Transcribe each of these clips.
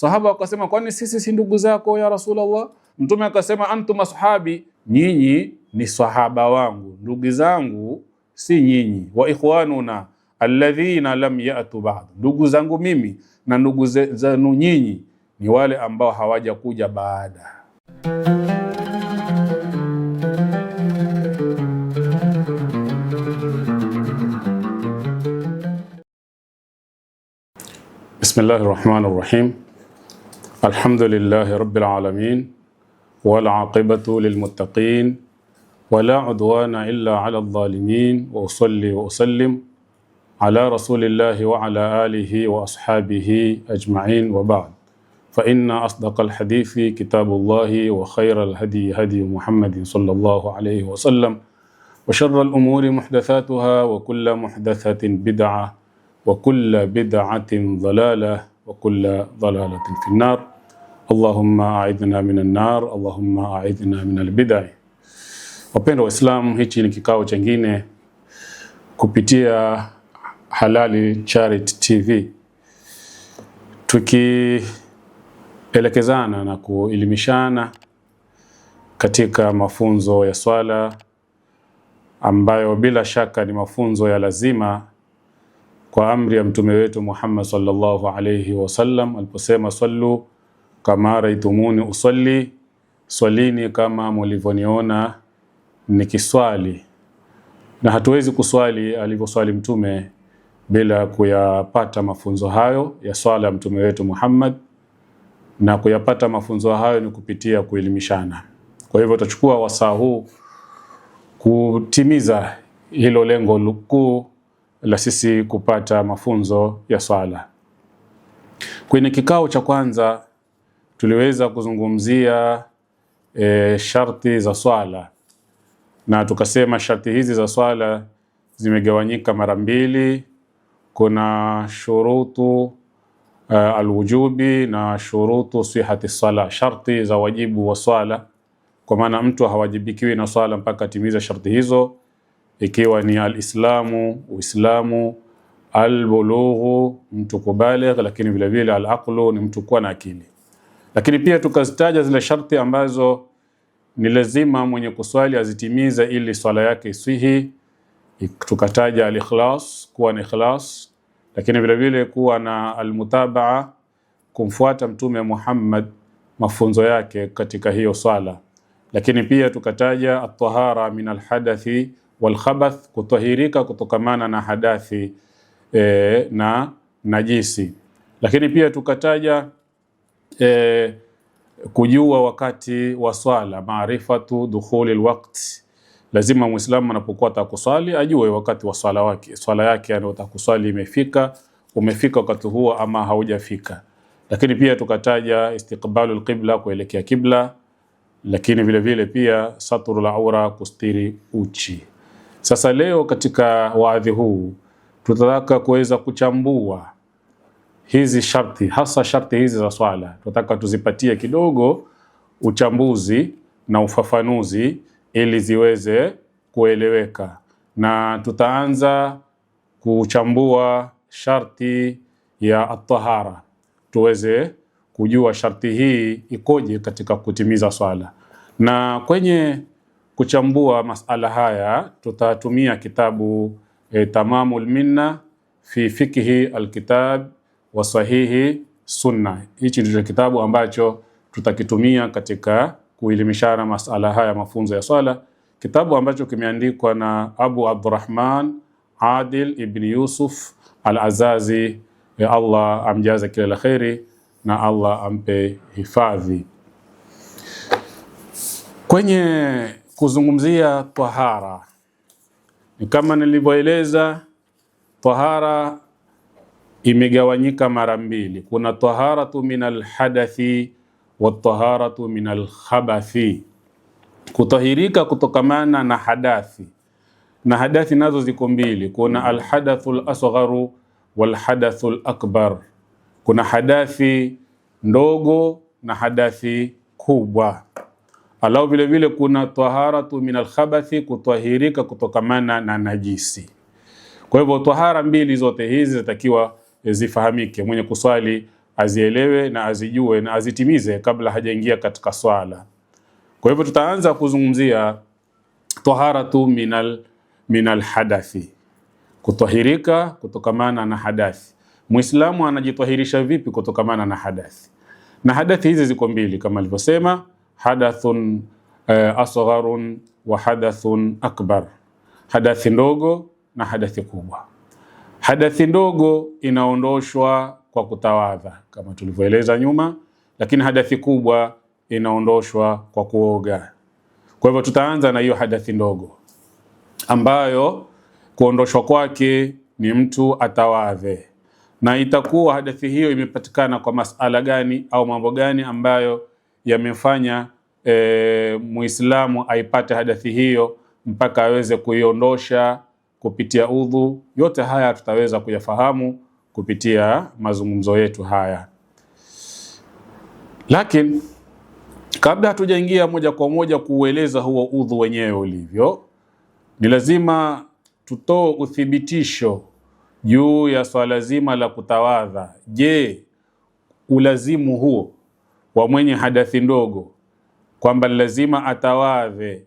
Sahaba wakasema kwani sisi si ndugu zako ya Rasulullah? Mtume akasema antum ashabi, nyinyi ni sahaba wangu, ndugu zangu si nyinyi. Wa ikhwanuna alladhina lam ya'tu ba'd, ndugu zangu mimi na ndugu zenu nyinyi ni wale ambao hawajakuja baada Bismillahir Rahmanir Rahim الحمد لله رب العالمين والعاقبة للمتقين ولا عدوان إلا على الظالمين وأصلي وأسلم على رسول الله وعلى آله وأصحابه أجمعين وبعد فإن أصدق الحديث كتاب الله وخير الهدي هدي محمد صلى الله عليه وسلم وشر الأمور محدثاتها وكل محدثة بدعة وكل بدعة ضلالة وكل ضلالة في النار Allahumma aidhna min annar, Allahumma aidhna min albidai. Wapendwa Waislamu, hichi ni kikao chengine kupitia Halali Charity TV tukielekezana na kuelimishana katika mafunzo ya swala ambayo bila shaka ni mafunzo ya lazima kwa amri ya mtume wetu Muhammad sallallahu alayhi wasallam aliposema, sallu kama raitumuni usalli, swalini kama mulivyoniona nikiswali. Na hatuwezi kuswali alivyoswali Mtume bila kuyapata mafunzo hayo ya swala ya Mtume wetu Muhammad, na kuyapata mafunzo hayo ni kupitia kuelimishana. Kwa hivyo tutachukua wasaa huu kutimiza hilo lengo kuu la sisi kupata mafunzo ya swala. Kwenye kikao cha kwanza tuliweza kuzungumzia e, sharti za swala na tukasema sharti hizi za swala zimegawanyika mara mbili. Kuna shurutu uh, alwujubi na shurutu sihati sala, sharti za wajibu wa swala, kwa maana mtu hawajibikiwi na swala mpaka atimize sharti hizo, ikiwa ni alislamu, Uislamu, albulughu, mtu kubaligh, lakini vilevile alaqlu, ni mtu kuwa na akili. Lakini pia tukazitaja zile sharti ambazo ni lazima mwenye kuswali azitimize ili swala yake iswihi. Tukataja al-ikhlas, kuwa na ikhlas, lakini vile vile kuwa na almutabaa, kumfuata Mtume Muhammad, mafunzo yake katika hiyo swala. Lakini pia tukataja at-tahara min alhadathi walkhabath, kutahirika kutokamana na hadathi e, na najisi. Lakini pia tukataja e, kujua wakati wa swala, maarifatu dukhuli alwaqt. Lazima muislamu anapokuwa atakuswali ajue wakati wa swala wake, swala yake anayotakuswali imefika, umefika wakati huo ama haujafika. Lakini pia tukataja istiqbalu alqibla, kuelekea kibla, lakini vile vile pia saturu la aura, kustiri uchi. Sasa leo katika waadhi huu tutataka kuweza kuchambua hizi sharti, hasa sharti hizi za swala, tunataka tuzipatie kidogo uchambuzi na ufafanuzi ili ziweze kueleweka, na tutaanza kuchambua sharti ya atahara, tuweze kujua sharti hii ikoje katika kutimiza swala. Na kwenye kuchambua masala haya tutatumia kitabu e, Tamamul Minna fi fikhi alkitab wa Sahihi Sunna. Hichi ndicho kitabu ambacho tutakitumia katika kuelimishana masala haya mafunzo ya swala, kitabu ambacho kimeandikwa na Abu Abdurrahman Adil ibn Yusuf Al-Azazi. Ya e, Allah amjaze kila la kheri na Allah ampe hifadhi. Kwenye kuzungumzia tahara, ni kama nilivyoeleza, tahara imegawanyika mara mbili, kuna taharatu min alhadathi wa taharatu min alkhabathi, kutahirika kutokamana na hadathi. Na hadathi nazo ziko mbili, kuna alhadathu lasgharu walhadathu lakbar. Kuna hadathi ndogo na hadathi kubwa. Alau vile vile kuna taharatu min alkhabathi, kutahirika kutokamana na najisi. Kwa hivyo tahara mbili zote hizi zitakiwa zifahamike, mwenye kuswali azielewe na azijue na azitimize kabla hajaingia katika swala. Kwa hivyo tutaanza kuzungumzia taharatu minal, minal hadathi, kutahirika kutokamana na hadathi. Muislamu anajitahirisha vipi kutokamana na hadathi? Na hadathi hizi ziko mbili kama alivyosema, hadathun eh, asgharun wa hadathun akbar, hadathi ndogo na hadathi kubwa. Hadathi ndogo inaondoshwa kwa kutawadha kama tulivyoeleza nyuma, lakini hadathi kubwa inaondoshwa kwa kuoga. Kwa hivyo tutaanza na hiyo hadathi ndogo ambayo kuondoshwa kwake ni mtu atawadhe, na itakuwa hadathi hiyo imepatikana kwa masala gani au mambo gani ambayo yamefanya e, Muislamu aipate hadathi hiyo mpaka aweze kuiondosha kupitia udhu. Yote haya tutaweza kuyafahamu kupitia mazungumzo yetu haya, lakini kabla hatujaingia moja kwa moja kuueleza huo udhu wenyewe ulivyo, ni lazima tutoe uthibitisho juu ya swala zima la kutawadha. Je, ulazimu huo wa mwenye hadathi ndogo kwamba lazima atawadhe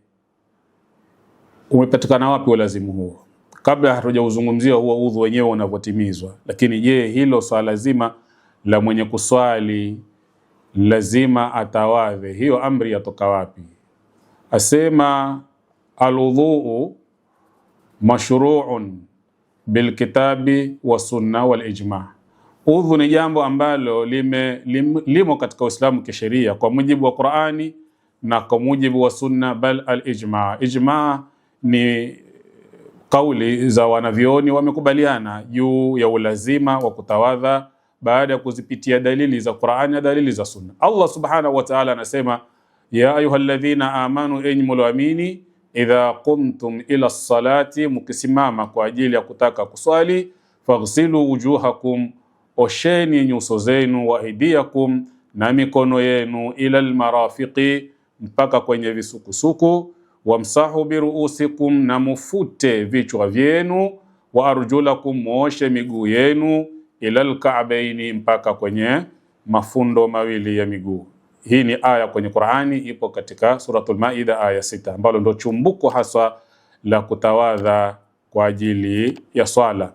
umepatikana wapi ulazimu huo? kabla hatujauzungumzia huo udhu wenyewe unavyotimizwa. Lakini je, hilo swala zima la mwenye kuswali lazima atawadhe, hiyo amri yatoka wapi? Asema aludhuu mashruun bilkitabi wa sunna wal ijma. Udhu ni jambo ambalo lime, lim, limo katika Uislamu kisheria kwa mujibu wa Qurani na kwa mujibu wa sunna, bal al ijma. Ijma ni Kauli za wanavyoni wamekubaliana juu ya ulazima wa kutawadha baada ya kuzipitia dalili za Qur'ani na dalili za Sunna. Allah subhanahu wa ta'ala anasema, ya ayyuhalladhina amanu, enyi mulioamini, idha qumtum ila salati, mukisimama kwa ajili ya kutaka kuswali, faghsilu wujuhakum, osheni nyuso zenu, wa aidiakum, na mikono yenu, ila almarafiqi, mpaka kwenye visukusuku wamsahu biruusikum, na mufute vichwa vyenu, wa arjulakum, mwoshe miguu yenu, ila lkaabaini, mpaka kwenye mafundo mawili ya miguu. Hii ni aya kwenye Qur'ani, ipo katika suratul Maida aya sita, ambalo ndo chumbuko haswa la kutawadha kwa ajili ya swala.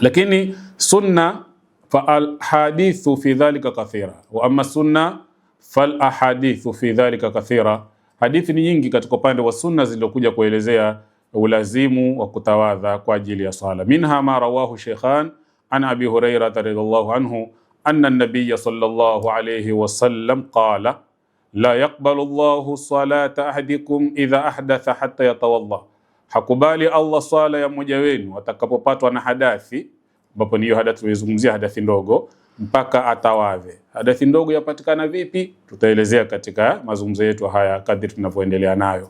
Lakini sunna fa fi dhalika kathira, wa amma sunna fal ahadithu fi dhalika kathira Hadithi ni nyingi katika upande wa sunna zilizokuja kuelezea ulazimu wa kutawadha kwa ajili ya swala. Minha ma rawahu Sheikhan an Abi Hurairata radhiallahu anhu anna nabiya sallallahu alayhi sallam qala la yaqbalu Allahu salata ahadikum idha ahdatha hatta yatawadda, hakubali Allah swala ya mmoja wenu atakapopatwa na hadathi, ambapo ni hadathi tumeizungumzia, hadathi ndogo mpaka atawave. hadithi ndogo yapatikana vipi? Tutaelezea katika mazungumzo yetu haya kadri tunavyoendelea nayo.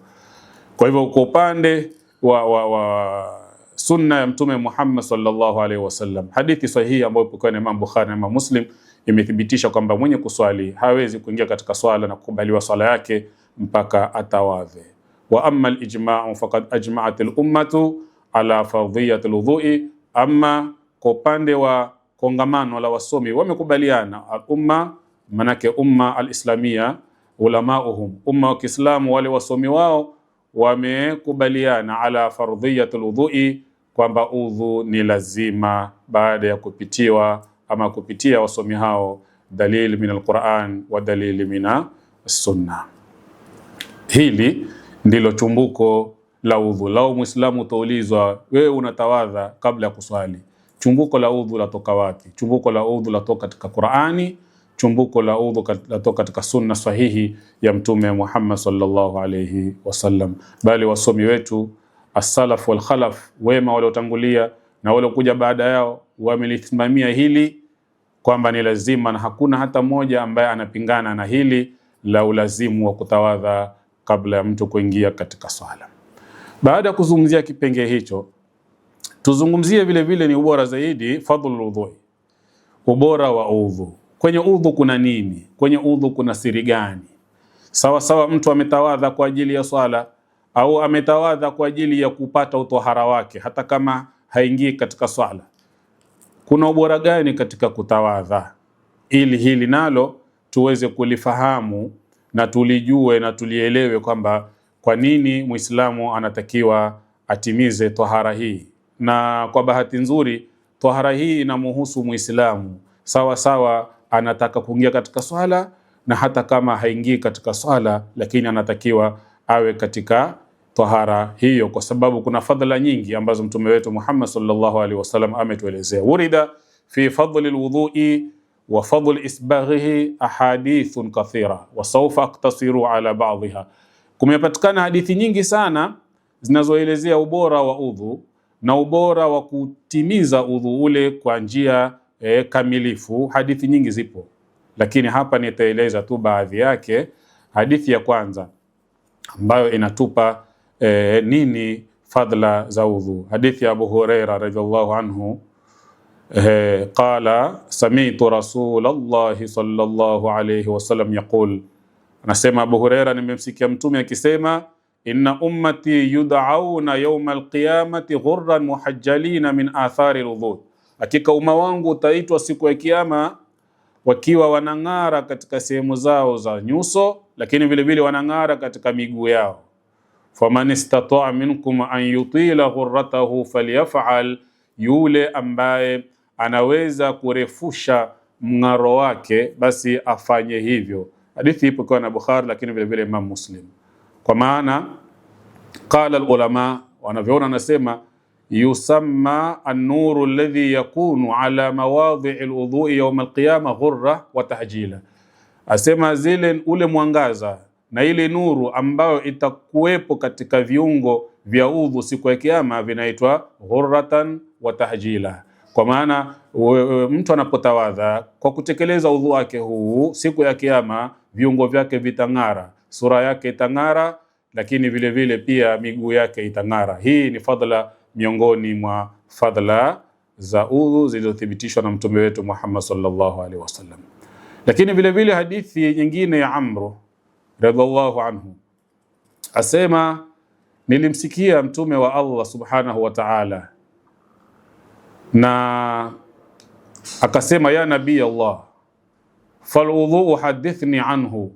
Kwa hivyo kwa upande wa, wa, wa sunna ya Mtume Muhammad sallallahu alaihi wasallam, hadithi sahihi ambayo ipokewa na Imam Bukhari na Imam Muslim imethibitisha kwamba mwenye kuswali hawezi kuingia katika swala na kukubaliwa swala yake mpaka atawadhe. Wa amma alijma'u faqad ajma'at al-ummatu ala fardhiyati al-wudhu'i. Amma kwa upande wa kongamano la wasomi wamekubaliana, umma manake umma alislamia ulamauhum, umma wa Kiislamu wale wasomi wao wamekubaliana ala fardhiyat lwudhui kwamba udhu ni lazima baada ya kupitiwa ama kupitia wasomi hao dalili min alquran wa dalili min sunna. Hili ndilo chumbuko la udhu. Lau mwislamu utaulizwa, wewe unatawadha kabla ya kuswali Chumbuko la udhu latoka wapi? Chumbuko la udhu latoka katika Qur'ani, chumbuko la udhu latoka katika sunna sahihi ya Mtume Muhammad sallallahu alayhi wasallam. Bali wasomi wetu as-salaf wal khalaf, wema waliotangulia na waliokuja baada yao, wamelisimamia hili kwamba ni lazima, na hakuna hata mmoja ambaye anapingana na hili la ulazimu wa kutawadha kabla ya mtu kuingia katika swala. Baada ya kuzungumzia kipengee hicho Tuzungumzie vile vile ni ubora zaidi fadhlul udhu, ubora wa udhu. Kwenye udhu kuna nini? Kwenye udhu kuna siri gani? Sawa sawa, mtu ametawadha kwa ajili ya swala au ametawadha kwa ajili ya kupata utohara wake, hata kama haingii katika swala, kuna ubora gani katika kutawadha? Ili hili nalo tuweze kulifahamu na tulijue na tulielewe kwamba kwa nini Muislamu anatakiwa atimize tohara hii na kwa bahati nzuri tahara hii inamuhusu Muislamu sawa sawa, anataka kuingia katika swala na hata kama haingii katika swala, lakini anatakiwa awe katika tahara hiyo, kwa sababu kuna fadhila nyingi ambazo mtume wetu Muhammad sallallahu alaihi wasallam ametuelezea. Urida fi fadli lwudhui wa fadli isbaghihi ahadithun kathira wa sawfa aktasiru ala ba'dhiha, kumepatikana hadithi nyingi sana zinazoelezea ubora wa udhu na ubora wa kutimiza udhu ule kwa njia e, kamilifu. Hadithi nyingi zipo, lakini hapa nitaeleza tu baadhi yake. Hadithi ya kwanza ambayo inatupa e, nini fadla za udhu, hadithi ya Abu Huraira radhiallahu anhu e, qala samitu rasulallahi sallallahu alayhi wasallam yaqul, anasema Abu Huraira, nimemsikia mtume akisema inna ummati yudauna yauma alqiyamati ghurran muhajjalina min athari ludhuh, hakika umma wangu utaitwa siku ya Kiyama wakiwa wanang'ara katika sehemu zao za nyuso, lakini vilevile wanang'ara katika miguu yao. faman istataa minkum an yutila ghurratahu falyafal, yule ambaye anaweza kurefusha mng'aro wake basi afanye hivyo. Hadithi ipo kwa na Bukhari, lakini vilevile Imam Muslim. Kwa maana qala alulama, wanavyoona anasema yusamma an-nuru alladhi yakunu ala mawadhi'i lwudhui wudhui yawm al ghurra wa tahjila, asema zile ule mwangaza na ile nuru ambayo itakuwepo katika viungo vya udhu siku ya Kiyama vinaitwa ghurratan wa tahjila, kwa maana mtu anapotawadha kwa kutekeleza udhu wake huu siku ya Kiyama viungo vyake vitang'ara sura yake itang'ara, lakini vile vile pia miguu yake itang'ara. Hii ni fadhila miongoni mwa fadhila za udhu zilizothibitishwa na mtume wetu Muhammad sallallahu alaihi wasallam. Lakini vile vile hadithi nyingine ya Amru radhiallahu anhu asema, nilimsikia mtume wa Allah subhanahu wa ta'ala na akasema, ya nabii Allah udhu hadithni anhu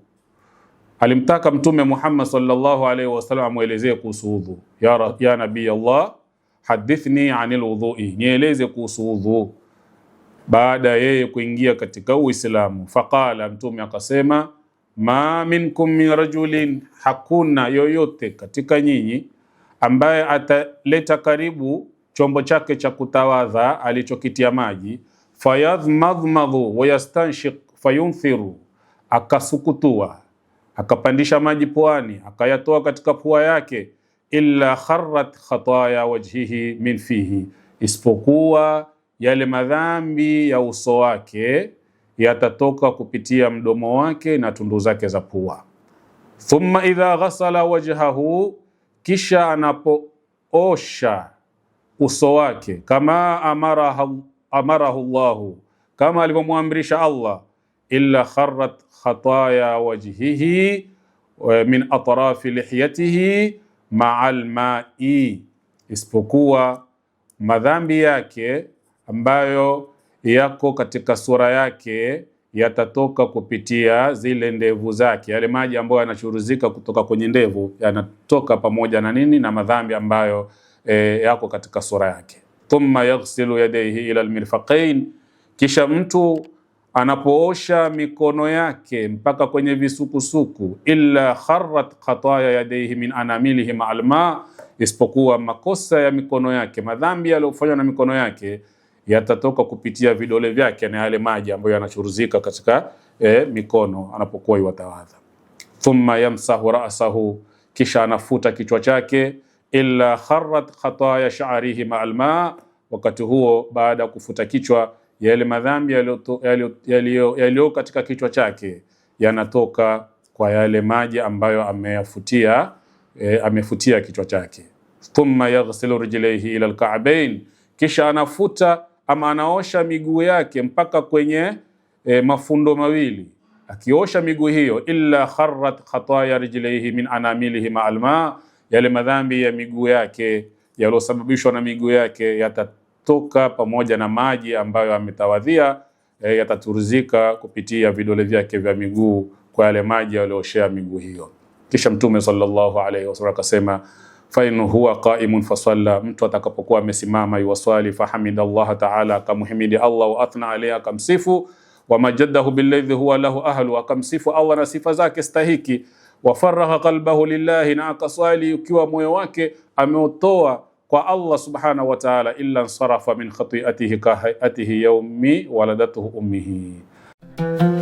alimtaka Mtume Muhammad sallallahu alaihi wasallam amwelezee kuhusu udhu. Ya, ya nabii Allah hadithni anil wudhui, nieleze kuhusu udhu baada yeye kuingia katika Uislamu. Faqala, Mtume akasema ma minkum min rajulin, hakuna yoyote katika nyinyi ambaye ataleta karibu chombo chake cha kutawadha alichokitia maji, fayadhmadhmadhu wayastanshiq fayunthiru, akasukutua akapandisha maji puani, akayatoa katika pua yake, illa kharrat khataya wajhihi min fihi, isipokuwa yale madhambi ya uso wake yatatoka kupitia mdomo wake na tundu zake za pua. Thumma idha ghasala wajhahu, kisha anapoosha uso wake, kama amarahu, amarahu Allahu, kama alivyomwamrisha Allah illa kharrat khataya wajhihi eh, min atrafi lihyatihi maa lmai, isipokuwa madhambi yake ambayo yako katika sura yake yatatoka kupitia zile ndevu zake. Yale maji ambayo yanachuruzika kutoka kwenye ndevu yanatoka pamoja na nini? Na madhambi ambayo e, yako katika sura yake. Thumma yaghsilu yadayhi ila almirfaqain, kisha mtu anapoosha mikono yake mpaka kwenye visukusuku, illa kharrat khataya yadayhi min anamilihim alma, isipokuwa makosa ya mikono yake, madhambi yaliyofanywa na mikono yake yatatoka kupitia vidole vyake na yale maji ambayo yanachuruzika katika eh, mikono anapokuwa iwatawadha. Thumma yamsahu ra'sahu, kisha anafuta kichwa chake, illa kharrat khataya sha'rihi ma'alma. Wakati huo baada ya kufuta kichwa yale madhambi yaliyo katika kichwa chake yanatoka kwa yale maji ambayo ameyafutia, e, amefutia kichwa chake. Thumma yaghsilu rijlaihi ila alka'bain, kisha anafuta ama anaosha miguu yake mpaka kwenye e, mafundo mawili. Akiosha miguu hiyo, illa kharrat khataya rijlaihi min anamilihi ma'al yale madhambi ya miguu yake yaliyosababishwa na miguu yake yata toka pamoja na maji ambayo ametawadhia e, yataturuzika kupitia vidole vyake vya miguu kwa yale maji yaliyoshea miguu hiyo. Kisha Mtume sallallahu alaihi wasallam akasema fa in huwa qaimun fasalla, mtu atakapokuwa amesimama yuwaswali, fahamida Allah taala, akamhimidi Allah wa athna alayhi, akamsifu wa majaddahu billadhi huwa lahu ahlu, akamsifu Allah na sifa zake stahiki, wa faragha qalbahu lillahi, na akaswali ukiwa moyo wake ameotoa kwa Allah subhanahu wa ta'ala, illa nsarafa min khati'atihi kahayatihi yaumi waladatuhu ummihi